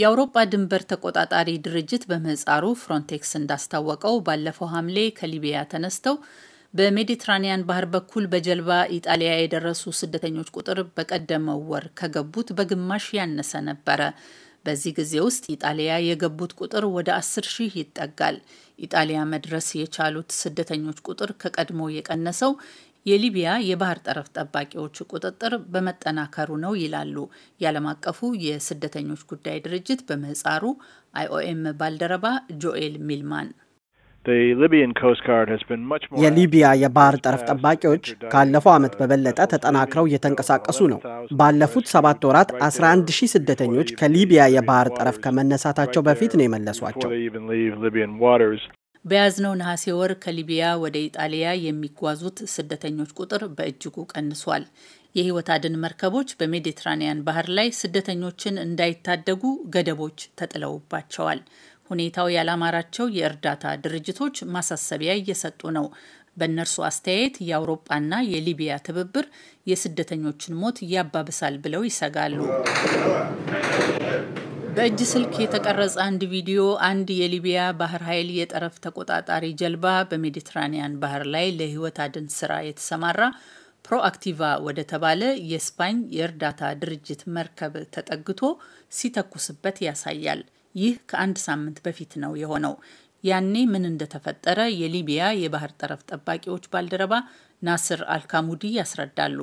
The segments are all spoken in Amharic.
የአውሮጳ ድንበር ተቆጣጣሪ ድርጅት በምህፃሩ ፍሮንቴክስ እንዳስታወቀው ባለፈው ሐምሌ ከሊቢያ ተነስተው በሜዲትራኒያን ባህር በኩል በጀልባ ኢጣሊያ የደረሱ ስደተኞች ቁጥር በቀደመው ወር ከገቡት በግማሽ ያነሰ ነበረ። በዚህ ጊዜ ውስጥ ኢጣሊያ የገቡት ቁጥር ወደ አስር ሺህ ይጠጋል። ኢጣሊያ መድረስ የቻሉት ስደተኞች ቁጥር ከቀድሞ የቀነሰው የሊቢያ የባህር ጠረፍ ጠባቂዎች ቁጥጥር በመጠናከሩ ነው ይላሉ የዓለም አቀፉ የስደተኞች ጉዳይ ድርጅት በምህጻሩ አይኦኤም ባልደረባ ጆኤል ሚልማን። የሊቢያ የባህር ጠረፍ ጠባቂዎች ካለፈው ዓመት በበለጠ ተጠናክረው እየተንቀሳቀሱ ነው። ባለፉት ሰባት ወራት 11 ሺህ ስደተኞች ከሊቢያ የባህር ጠረፍ ከመነሳታቸው በፊት ነው የመለሷቸው። በያዝነው ነሐሴ ወር ከሊቢያ ወደ ኢጣሊያ የሚጓዙት ስደተኞች ቁጥር በእጅጉ ቀንሷል። የሕይወት አድን መርከቦች በሜዲትራኒያን ባህር ላይ ስደተኞችን እንዳይታደጉ ገደቦች ተጥለውባቸዋል። ሁኔታው ያላማራቸው የእርዳታ ድርጅቶች ማሳሰቢያ እየሰጡ ነው። በእነርሱ አስተያየት የአውሮጳና የሊቢያ ትብብር የስደተኞችን ሞት ያባብሳል ብለው ይሰጋሉ። በእጅ ስልክ የተቀረጸ አንድ ቪዲዮ አንድ የሊቢያ ባህር ኃይል የጠረፍ ተቆጣጣሪ ጀልባ በሜዲትራኒያን ባህር ላይ ለህይወት አድን ስራ የተሰማራ ፕሮአክቲቫ ወደ ተባለ የስፓኝ የእርዳታ ድርጅት መርከብ ተጠግቶ ሲተኩስበት ያሳያል። ይህ ከአንድ ሳምንት በፊት ነው የሆነው። ያኔ ምን እንደተፈጠረ የሊቢያ የባህር ጠረፍ ጠባቂዎች ባልደረባ ናስር አልካሙዲ ያስረዳሉ።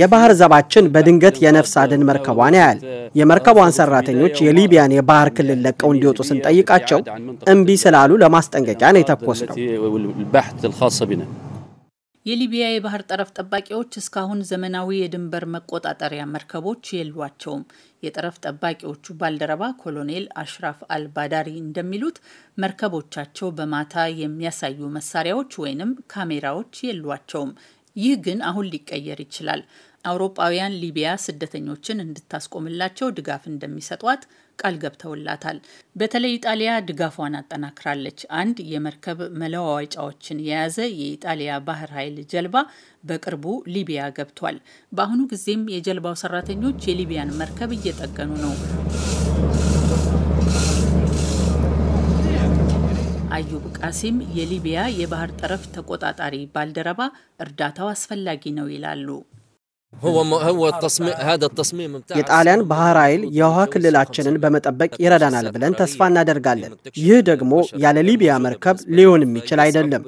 የባህር ዘባችን በድንገት የነፍስ አድን መርከቧን ያያል። የመርከቧን ሰራተኞች የሊቢያን የባህር ክልል ለቀው እንዲወጡ ስንጠይቃቸው እምቢ ስላሉ ለማስጠንቀቂያ ነው ነው። የሊቢያ የባህር ጠረፍ ጠባቂዎች እስካሁን ዘመናዊ የድንበር መቆጣጠሪያ መርከቦች የሏቸውም። የጠረፍ ጠባቂዎቹ ባልደረባ ኮሎኔል አሽራፍ አልባዳሪ እንደሚሉት መርከቦቻቸው በማታ የሚያሳዩ መሳሪያዎች ወይንም ካሜራዎች የሏቸውም። ይህ ግን አሁን ሊቀየር ይችላል። አውሮፓውያን ሊቢያ ስደተኞችን እንድታስቆምላቸው ድጋፍ እንደሚሰጧት ቃል ገብተውላታል። በተለይ ኢጣሊያ ድጋፏን አጠናክራለች። አንድ የመርከብ መለዋወጫዎችን የያዘ የኢጣሊያ ባህር ኃይል ጀልባ በቅርቡ ሊቢያ ገብቷል። በአሁኑ ጊዜም የጀልባው ሰራተኞች የሊቢያን መርከብ እየጠገኑ ነው። አዩብ ቃሲም የሊቢያ የባህር ጠረፍ ተቆጣጣሪ ባልደረባ እርዳታው አስፈላጊ ነው ይላሉ። የጣሊያን ባህር ኃይል የውሃ ክልላችንን በመጠበቅ ይረዳናል ብለን ተስፋ እናደርጋለን። ይህ ደግሞ ያለ ሊቢያ መርከብ ሊሆን የሚችል አይደለም።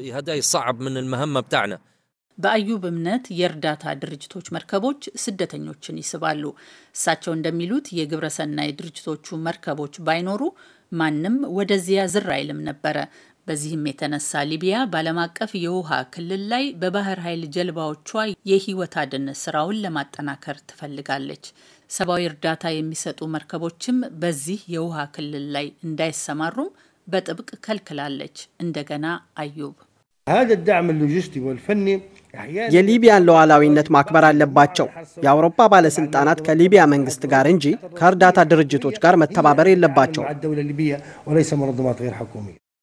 በአዩብ እምነት የእርዳታ ድርጅቶች መርከቦች ስደተኞችን ይስባሉ። እሳቸው እንደሚሉት የግብረሰናይ ድርጅቶቹ መርከቦች ባይኖሩ ማንም ወደዚያ ዝር አይልም ነበረ። በዚህም የተነሳ ሊቢያ በዓለም አቀፍ የውሃ ክልል ላይ በባህር ኃይል ጀልባዎቿ የህይወት አድን ስራውን ለማጠናከር ትፈልጋለች። ሰብአዊ እርዳታ የሚሰጡ መርከቦችም በዚህ የውሃ ክልል ላይ እንዳይሰማሩም በጥብቅ ከልክላለች። እንደገና አዩብ هذا الدعم اللوجستي والفني የሊቢያን ሉዓላዊነት ማክበር አለባቸው። የአውሮፓ ባለስልጣናት ከሊቢያ መንግስት ጋር እንጂ ከእርዳታ ድርጅቶች ጋር መተባበር የለባቸው።